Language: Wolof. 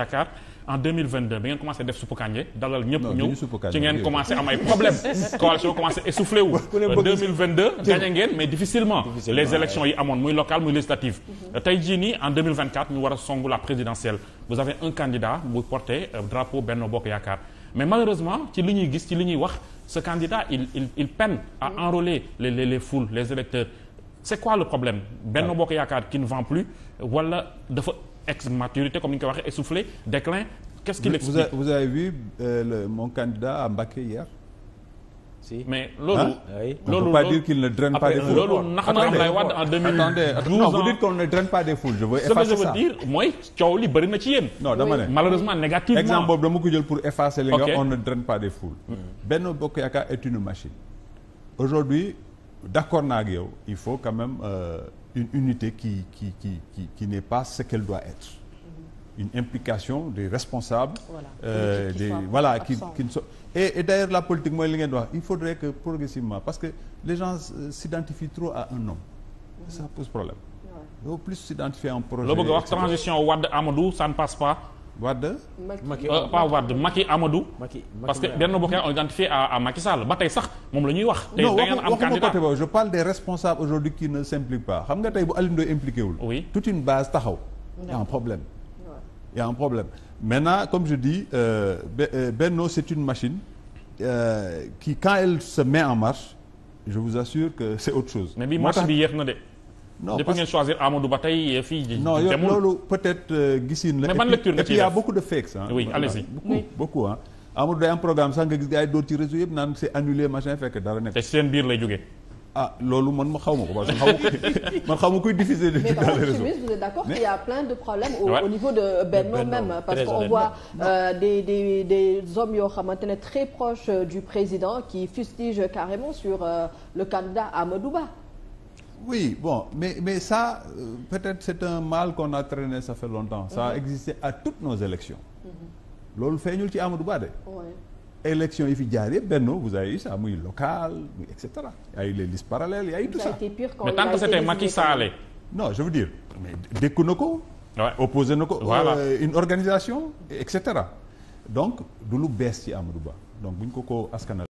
yaakaar en 2022 ngeen commencé def suppu kànje dalal ñëpp ñëw ci ngeen commencé am ay problème coalition commencé essoufflé wu euh, ngeen mais difficilement les élections yi amoon muy locale muy législative mm-hmm. tey jii en 2024 war a songu la vous avez un candidat bu porté euh, drapeau Benno Bokk Yaakaar mais malheureusement ci li ñuy gis ci li ñuy wax ce candidat il il il peine à mm-hmm. les les les les électeurs c'est quoi le problème Benno Bokk Yaakaar qui ex-maturité comme ni ñu ko waxee essoufflé déclin. qu'est-ce qu'il explique vous avez vu euh, mon candidat à Mbacké hier. si mais loolu. Ah oui loolu on peut pas dire qu'il ne draine pas des foules. loolu nax na Abdoulaye Wade en 2012 attendez non vous dites qu'on ne draine pas des foules je veux effacer ça ce coow li bëri na ci yéen. non dama ne malheureusement négativement. exemple boobu dama ko jël pour effacer li nga on ne draine pas des foules. Mm. Benno Bokk Yaakaar est une machine. aujourd'hui d'accord naa ak yow il faut quand même. Euh, une unité qui qui qui qui, qui n'est pas ce qu'elle doit être mhm. une implication des responsables voilà, euh, des voilà qui qui ne sont et, d'ailleurs la politique mooy li ngeen wax il faudrait que progressivement parce que les gens euh, s'identifient trop à un homme mhm. ça pose problème au plus s'identifier à un projet loo bëgg wax transition Wade Amadou ça ne passe pas Wade. Macky euh, pas Wade Macky Amadou. parce que benn boo koy identifié à à Macky Sall ba tey sax moom la ñuy wax. tey da ngeen am candidat non je parle des responsables aujourd'hui qui ne s'impliquent pas xam nga tey bu Alioune Ndoye impliqué wul. oui toute une base taxaw. y a problème. il y a un problème maintenant comme je dis euh, euh, Benno c'est une machine qui quand elle se met en marche je vous assure que c'est autre chose. mais bi marche bi yéex na de. non depuis ngeen choisir Ba tey eh, fii. non yow loolu peut-être euh, gisin la. man ban lecture nga ciy a beaucoup de fakes ah. oui allez-y beaucoup beaucoup ah. Amadou day am programme sax nga gis gars yi dóor ci réseau yëpp naan c'est annulé machin fekk dara nekk. te seen biir lay jógee. ah loolu man ma xaw ma ko parce que xaw ma man xaw ma koy diffuser. mais par contre Chimiste vous êtes d'accord qu'il y a plein de problèmes au, niveau de Benno même parce qu'on voit euh, des hommes yoo xamante ne très proches euh, du président qui fustigent carrément sur euh, le candidat Amadou Ba. oui bon mais mais ça euh, peut-être c'est un mal qu'on a traîné ça fait longtemps ça a mhm. existé à toutes nos élections mhm. loolu feeñul ci Amadou Ba de élections yi fi jaar yëpp benno vous avez eu ça muy local muy et cetera y a eu les listes parallèles y a eu tout ça. mais tant c'était Macky Sall non je veux dire dékku na ko. opposé na ko. voilà euh, une organisation et cetera donc du lu bees ci Amadou Ba donc bu ñu ko ko askanal.